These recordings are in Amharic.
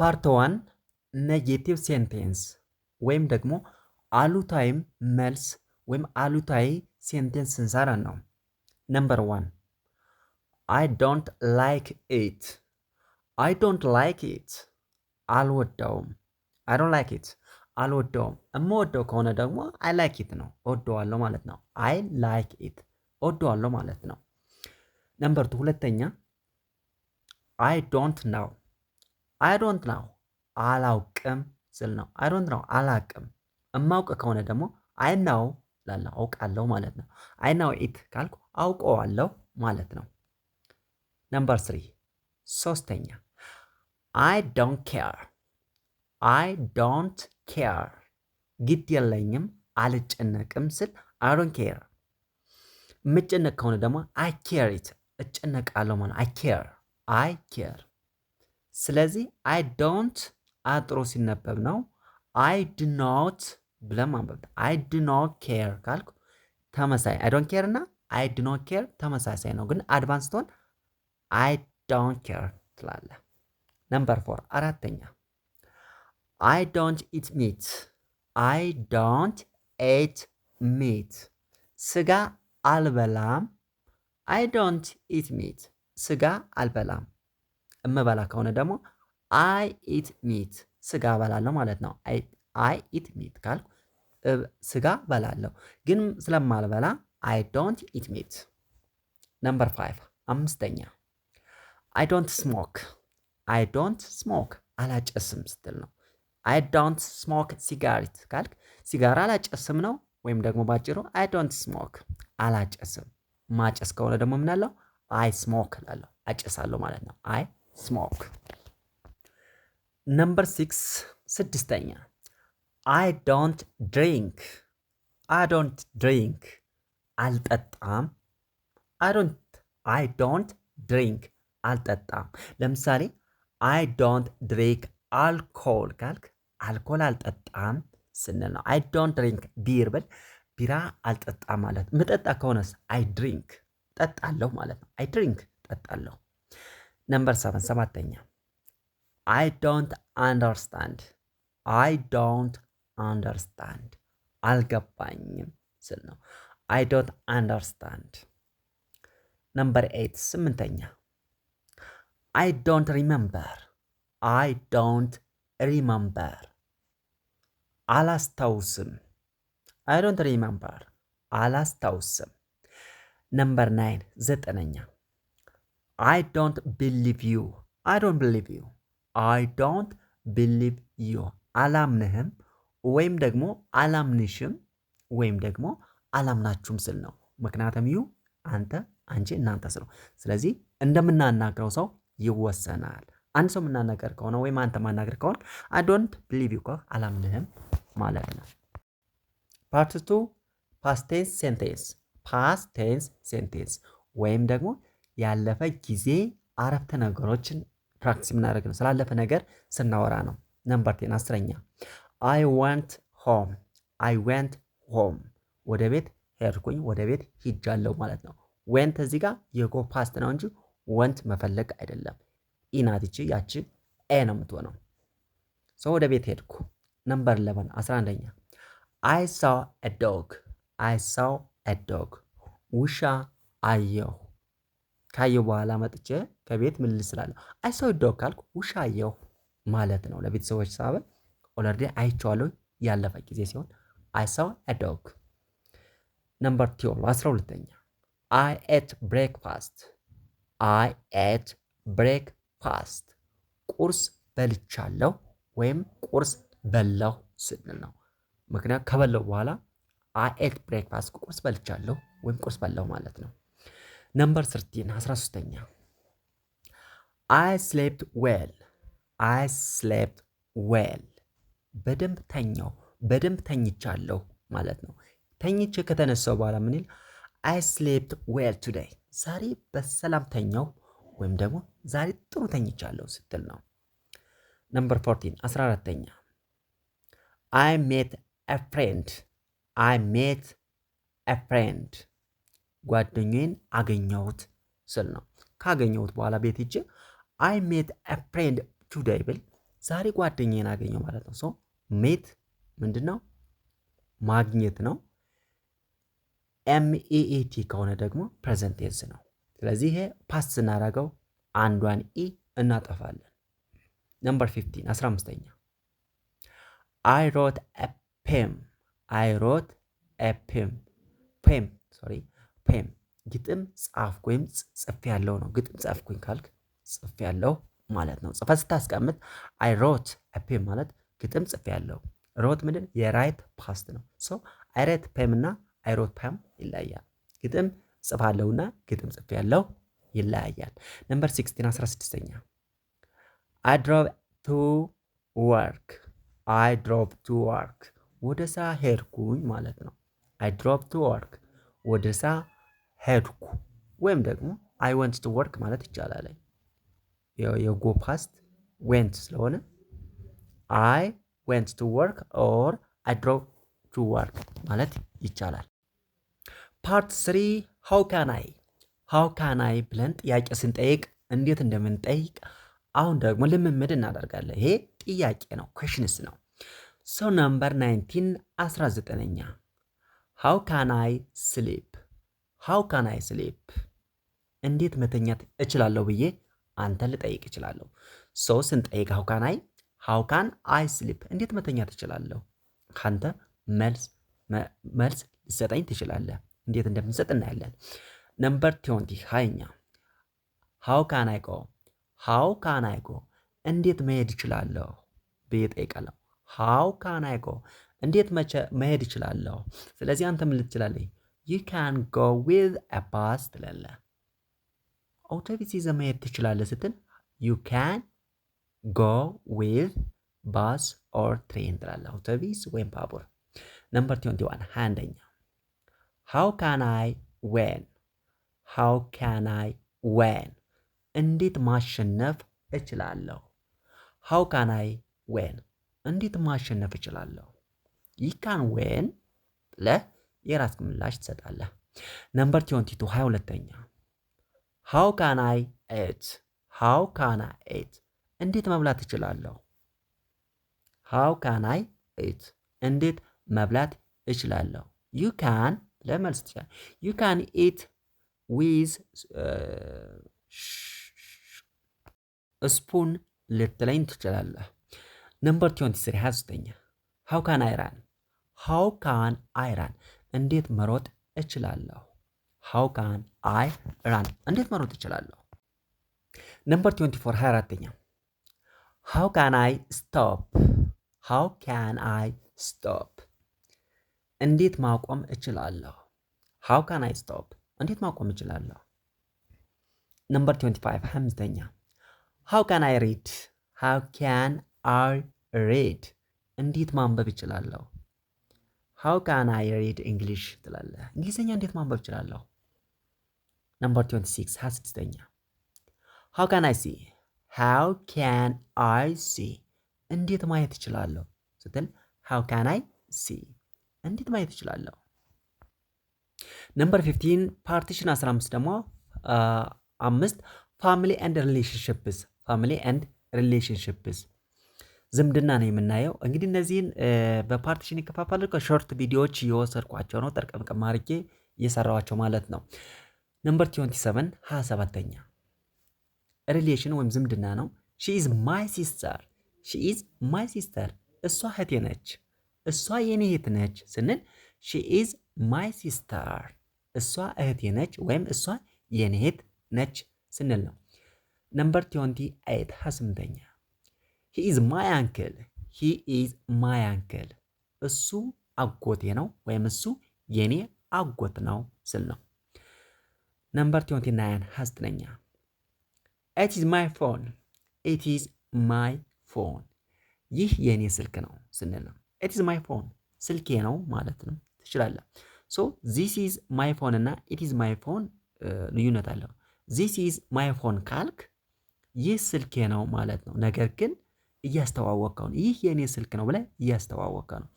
ፓርት ዋን ኔጌቲቭ ሴንቴንስ ወይም ደግሞ አሉታዊ መልስ ወይም አሉታዊ ሴንቴንስ ስንሰራ ነው። ነምበር ዋን አይ ዶንት ላይክ ኢት። አይ ዶንት ላይክ ኢት አልወዳውም። አይ ዶንት ላይክ ኢት አልወዳውም። እምወደው ከሆነ ደግሞ አይ ላይክ ኢት ነው፣ እወደዋለሁ ማለት ነው። አይ ላይክ ኢት እወደዋለሁ ማለት ነው። ነምበር ቱ ሁለተኛ አይ ዶንት ናው አይ ዶንት ናው አላውቅም ስል ነው። አይ ዶንት ናው አላውቅም። እማውቅ ከሆነ ደግሞ አይ ናው እላለሁ አውቃለሁ ማለት ነው። አይ ናው ኢት ካልኩ አውቀዋለሁ ማለት ነው። ነምበር ስሪ ሶስተኛ አይ ዶንት ኬር አይ ዶንት ኬር ግድ የለኝም አልጨነቅም ስል አይ ዶንት ኬር። የምጨነቅ ከሆነ ደግሞ አይ ኬር ኢት እጨነቃለሁ ማለት አይ ኬር አይ ኬር ስለዚህ አይ ዶንት አጥሮ ሲነበብ ነው። አይ ድ ኖት ብለን ማንበብ። አይ ድ ኖት ኬር ካልኩ ተመሳሳይ አይ ዶንት ኬር እና አይ ድ ኖት ኬር ተመሳሳይ ነው፣ ግን አድቫንስ ትሆን አይ ዶንት ኬር ትላለ። ነምበር ፎር አራተኛ አይ ዶንት ኢት ሚት። አይ ዶንት ኤት ሚት ስጋ አልበላም። አይ ዶንት ኢት ሚት ስጋ አልበላም። እምበላ ከሆነ ደግሞ አይ ኢት ሚት ስጋ እበላለሁ ማለት ነው። አይ ኢት ሚት ካልኩ ስጋ እበላለሁ፣ ግን ስለማልበላ አይ ዶንት ኢት ሚት። ነምበር ፋይቭ አምስተኛ አይ ዶንት ስሞክ። አይ ዶንት ስሞክ አላጨስም ስትል ነው። አይ ዶንት ስሞክ ሲጋሪት ካልክ ሲጋራ አላጨስም ነው። ወይም ደግሞ ባጭሩ አይ ዶንት ስሞክ አላጨስም። ማጨስ ከሆነ ደግሞ ምናለው አይ ስሞክ ላለሁ አጨሳለሁ ማለት ነው። አይ ስሞክ። ነምበር ሲክስ ስድስተኛ አይ ዶንት ድሪንክ አይ ዶንት ድሪንክ አልጠጣም። አይ ዶንት ድሪንክ አልጠጣም። ለምሳሌ አይ ዶንት ድሪንክ አልኮል ካልክ አልኮል አልጠጣም ስንል ነው። አይ ዶንት ድሪንክ ቢር ብል ቢራ አልጠጣም ማለት። ምጠጣ ከሆነስ አይ ድሪንክ ጠጣለሁ ማለት ነው። አይ ድሪንክ ጠጣለሁ። ነምበር ሰቨን ሰባተኛ አይ ዶንት አንደርስታንድ አይ ዶንት አንደርስታንድ አልገባኝም ስል ነው። አይ ዶንት አንደርስታንድ። ነምበር ኤይት ስምንተኛ አይ ዶንት ሪመምበር አይ ዶንት ሪመምበር አላስታውስም። አይ ዶንት ሪመምበር አላስታውስም። ነምበር ናይን ዘጠነኛ አይ ዶንት ቢሊቭ ዩ አይ ዶንት ቢሊቭ ዩ አይ ዶንት ቢሊቭ ዩ አላምንህም ወይም ደግሞ አላምንሽም ወይም ደግሞ አላምናችሁም ስል ነው። ምክንያቱም ዩ አንተ፣ አንቺ፣ እናንተ ስለው ስለዚህ እንደምናናግረው ሰው ይወሰናል። አንድ ሰው የምናናገር ከሆነ ወይም አንተ ማናገር ከሆነ አይ ዶንት ቢሊቭ ዩ አላምንህም ማለት ነው። ፓርት ቱ ፓስቴንስ ሴንቴንስ ፓስቴንስ ሴንቴንስ ወይም ደግሞ ያለፈ ጊዜ አረፍተ ነገሮችን ፕራክቲስ የምናደርግ ነው። ስላለፈ ነገር ስናወራ ነው። ነምበር ቴን አስረኛ አይ ዋንት ሆም አይ ዌንት ሆም ወደ ቤት ሄድኩኝ ወደ ቤት ሂጃለሁ ማለት ነው። ዌንት እዚህ ጋር የጎ ፓስት ነው እንጂ ወንት መፈለግ አይደለም። ኢናትቺ ያቺ ኤ ነው የምትሆነው። ሶ ወደ ቤት ሄድኩ። ነምበር ለበን አስራ አንደኛ አይ ሳው አ ዶግ አይ ሳው አ ዶግ ውሻ አየሁ ካየሁ በኋላ መጥቼ ከቤት ምን ልስላለሁ? እችላለሁ? አይ ሳው ዶግ ካልኩ ውሻ አየሁ ማለት ነው። ለቤተሰቦች ሳበ ኦልሬዲ አይቼዋለሁ ያለፈ ጊዜ ሲሆን አይ ሳው ዶግ። ነምበር ቱ አስራ ሁለተኛ አይ ኤት ብሬክፋስት አይ ኤት ብሬክፋስት ቁርስ በልቻለሁ ወይም ቁርስ በላሁ ስንል ነው። ምክንያቱም ከበላሁ በኋላ አይ ኤት ብሬክፋስት ቁርስ በልቻለሁ ወይም ቁርስ በላሁ ማለት ነው። ነምበር 13 13ኛ አይ ስሌፕት ዌል አይ ስሌፕት ዌል በደንብ ተኛው በደንብ ተኝቻለሁ ማለት ነው። ተኝቼ ከተነሳው በኋላ ምን ይል? አይ ስሌፕት ዌል ቱዴይ ዛሬ በሰላም ተኛው ወይም ደግሞ ዛሬ ጥሩ ተኝቻለሁ ስትል ነው። ነምበር 14 14ኛ አይ ሜት አ ፍሬንድ አይ ሜት አ ፍሬንድ ጓደኛዬን አገኘሁት ስል ነው። ካገኘሁት በኋላ ቤት ሂጄ አይ ሜት አ ፍሬንድ ቱዴይ ብል ዛሬ ጓደኛዬን አገኘው ማለት ነው። ሶ ሜት ምንድን ነው? ማግኘት ነው። ኤምኤኤቲ ከሆነ ደግሞ ፕሬዘንቴንስ ነው። ስለዚህ ይሄ ፓስ ስናደርገው አንዷን ኢ እናጠፋለን። ነምበር 15 አስራ አምስተኛ አይ ሮት ኤ ፔም አይ ሮት ኤ ፔም ፔም ሶሪ ፔም ግጥም ጻፍኩ ወይም ጽፌ ያለው ነው። ግጥም ጻፍኩኝ ካልክ ጽፌ ያለው ማለት ነው። ጽፈ ስታስቀምጥ አይ ሮት ፔም ማለት ግጥም ጽፍ ያለው። ሮት ምንድን የራይት ፓስት ነው። ሶ አይ ራይት ፔም እና አይ ሮት ፔም ይለያል። ግጥም ጽፋለሁና ግጥም ጽፍ ያለው ይለያያል። ነምበር ሲክስቲን አስራ ስድስተኛ አይ ድሮቭ ቱ ወርክ አይ ድሮቭ ቱ ወርክ ወደ ስራ ሄድኩኝ ማለት ነው። አይ ድሮቭ ቱ ወርክ ወደ ስራ ሄድኩ ወይም ደግሞ አይ ወንት ቱ ወርክ ማለት ይቻላል። የጎ ፓስት ዌንት ስለሆነ አይ ዌንት ቱ ወርክ ኦር አይ ድሮቭ ቱ ወርክ ማለት ይቻላል። ፓርት ስሪ ሃው ካን አይ ሃው ካን አይ ብለን ጥያቄ ስንጠይቅ እንዴት እንደምንጠይቅ አሁን ደግሞ ልምምድ እናደርጋለን። ይሄ ጥያቄ ነው፣ ኩዌሽንስ ነው። ሶ ነምበር 19 19ኛ ሃው ካን አይ ስሊፕ ሃው ካን አይ ስሊፕ እንዴት መተኛት እችላለሁ ብዬ አንተ ልጠይቅ እችላለሁ። ሰው ስንጠይቅ ሃው ካን አይ ሃው ካን አይ ስሊፕ እንዴት መተኛት እችላለሁ? ካንተ መልስ መልስ ልሰጠኝ ትችላለህ። እንዴት እንደምንሰጥ እናያለን። ነምበር ትዌንቲ ሃያኛ ሃው ካን አይ ጎ ሃው ካን አይ ጎ እንዴት መሄድ እችላለሁ ብዬ ጠይቃለሁ። ሃው ካን አይ ጎ እንዴት መቼ መሄድ እችላለሁ? ስለዚህ አንተ ምን ልትችላለህ? ዩ ካን ጎ ዊዝ አ ባስ ትላለህ። አውቶቢስ ይዘህ መሄድ ትችላለህ ስትል ዩ ካን ጎ ዊዝ ባስ ኦር ትሬን ትላለህ። አውቶቢስ ወይም ባቡር። ነምበር ትዌንቲ ዋን ሀያ አንደኛ ሃው ካን አይ ዌን ሃው ካን አይ ዌን እንዴት ማሸነፍ እችላለሁ? ሃው ካን አይ ዌን እንዴት ማሸነፍ እችላለሁ? ይካን ወን ብለህ የራስ ምላሽ ትሰጣለህ። ነምበር ትዌንቲ ቱ ሀያ ሁለተኛ ሃው ካን አይ ኤት ሃው ካን አይ ኤት እንዴት መብላት እችላለሁ? ሃው ካን አይ ኤት እንዴት መብላት እችላለሁ? ዩ ካን ለመልስ ትችላል። ዩ ካን ኢት ዊዝ ስፑን ልትለኝ ትችላለህ። ነምበር ትዌንቲ ሀያ ሶስተኛ ሃው ካን አይ ራን ሃው ካን አይ ራን እንዴት መሮጥ እችላለሁ? ሃው ካን አይ ራን እንዴት መሮጥ እችላለሁ? ነምበር 24 24ኛ ሃው ካን አይ ስቶፕ ሃው ካን አይ ስቶፕ እንዴት ማቆም እችላለሁ? ሃው ካን አይ ስቶፕ እንዴት ማቆም እችላለሁ? ነምበር 25 ኛ ሃው ካን አይ ሪድ ሃው ካን አይ ሪድ እንዴት ማንበብ እችላለሁ? ሃው ካን አይ ሪድ እንግሊሽ ትላለህ። እንግሊዝኛ እንዴት ማንበብ እችላለሁ? ነምበር 26 ሃያ ስድስተኛ ሃው ካን አይ ሲ ሃው ካን አይ ሲ እንዴት ማየት እችላለሁ ስትል ሃው ካን አይ ሲ እንዴት ማየት እችላለሁ። ነምበር 15 ፓርቲሽን 15 ደግሞ uh, አምስት ፋሚሊ ኤንድ ሪሌሽንሽፕስ ፋሚሊ ኤንድ ሪሌሽንሽፕስ ዝምድና ነው የምናየው። እንግዲህ እነዚህን በፓርቲሽን ይከፋፋል። ከሾርት ቪዲዮዎች የወሰድኳቸው ነው ጠርቀምቀም አድርጌ እየሰራዋቸው ማለት ነው። ነምበር 27 27 ሀያ ሰባተኛ ሪሌሽን ወይም ዝምድና ነው። ሺ ኢዝ ማይ ሲስተር፣ ሺ ኢዝ ማይ ሲስተር፣ እሷ እህቴ ነች፣ እሷ የኔ እህት ነች ስንል ሺ ኢዝ ማይ ሲስተር፣ እሷ እህቴ ነች ወይም እሷ የኔ እህት ነች ስንል ነው። ነምበር 28 ኤይት ሀያ ስምንተኛ ሂ ኢዝ ማይ አንክል ሂ ኢዝ ማይ አንክል እሱ አጎቴ ነው ወይም እሱ የኔ አጎት ነው ስል ነው። ነምበር ትዌንቲ ናይን ኢት ኢዝ ማይ ፎን ኢት ኢዝ ማይ ፎን ይህ የኔ ስልክ ነው ስንል ነው። ኢት ኢዝ ማይ ፎን ስልኬ ነው ማለት ነው ትችላለህ። ሶ ዚስ ኢዝ ማይ ፎን እና ኢት ኢዝ ማይ ፎን ልዩነት አለው። ዚስ ኢዝ ማይ ፎን ካልክ ይህ ስልኬ ነው ማለት ነው። ነገር ግን እያስተዋወቅከው ነው። ይህ የእኔ ስልክ ነው ብለህ እያስተዋወቀ ነው።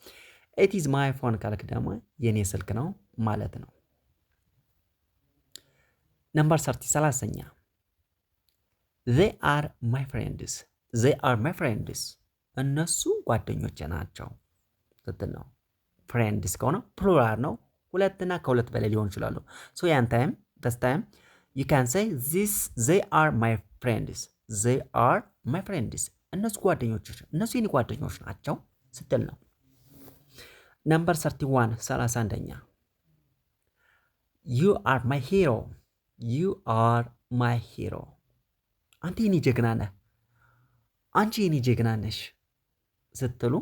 ኢትዝ ማይ ፎን ካልክ ደግሞ የእኔ ስልክ ነው ማለት ነው። ነምበር ሰርቲ ሰላሰኛ ዜይ አር ማይ ፍሬንድስ ዜይ አር ማይ ፍሬንድስ እነሱ ጓደኞቼ ናቸው ስትል ነው። ፍሬንድስ ከሆነ ፕሉራል ነው። ሁለትና ከሁለት በላይ ሊሆን ይችላሉ። ሶ ያን ታይም ደስ ታይም ዩ ካን ሴይ ዚስ ዜይ አር ማይ ፍሬንድስ ዜይ አር ማይ ፍሬንድስ እነሱ ጓደኞች እነሱ የኔ ጓደኞች ናቸው ስትል ነው። ነምበር 31 ዋን ሰላሳ አንደኛ ዩ አር ማይ ሂሮ ዩ አር ማይ ሂሮ። አንተ የኔ ጀግና ነህ፣ አንቺ የኔ ጀግና ነሽ ስትሉ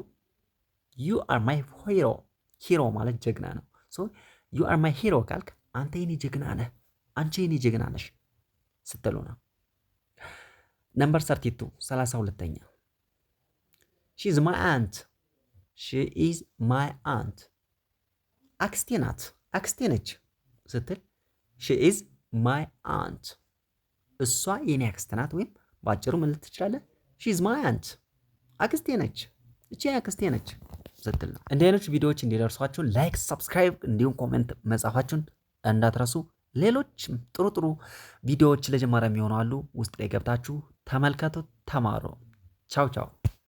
ዩ አር ማይ ሂሮ። ሂሮ ማለት ጀግና ነው። ሶ ዩ አር ማይ ሂሮ ካልክ አንተ የኔ ጀግና ነህ፣ አንቺ የኔ ጀግና ነሽ ስትሉ ነው። ነምበር ሰርቲቱ ሰላሳ ሁለተኛ ሺ ኢዝ ማይ አንት ሺ ኢዝ ማይ አንት አክስቴ ናት አክስቴ ነች ስትል ሺ ኢዝ ማይ አንት እሷ የኔ አክስት ናት። ወይም በአጭሩ ምን ልት ትችላለህ? ሺ ማይ አንት አክስቴ ነች፣ እቺ አክስቴ ነች ስትል ነው። እንዲህ አይነቱ ቪዲዮዎች እንዲደርሷችሁ ላይክ፣ ሰብስክራይብ እንዲሁም ኮሜንት መጻፋችሁን እንዳትረሱ። ሌሎች ጥሩ ጥሩ ቪዲዮዎች ለጀማሪ የሚሆኑ አሉ። ውስጥ ላይ ገብታችሁ थमल का तो थमारो छाओ छाओ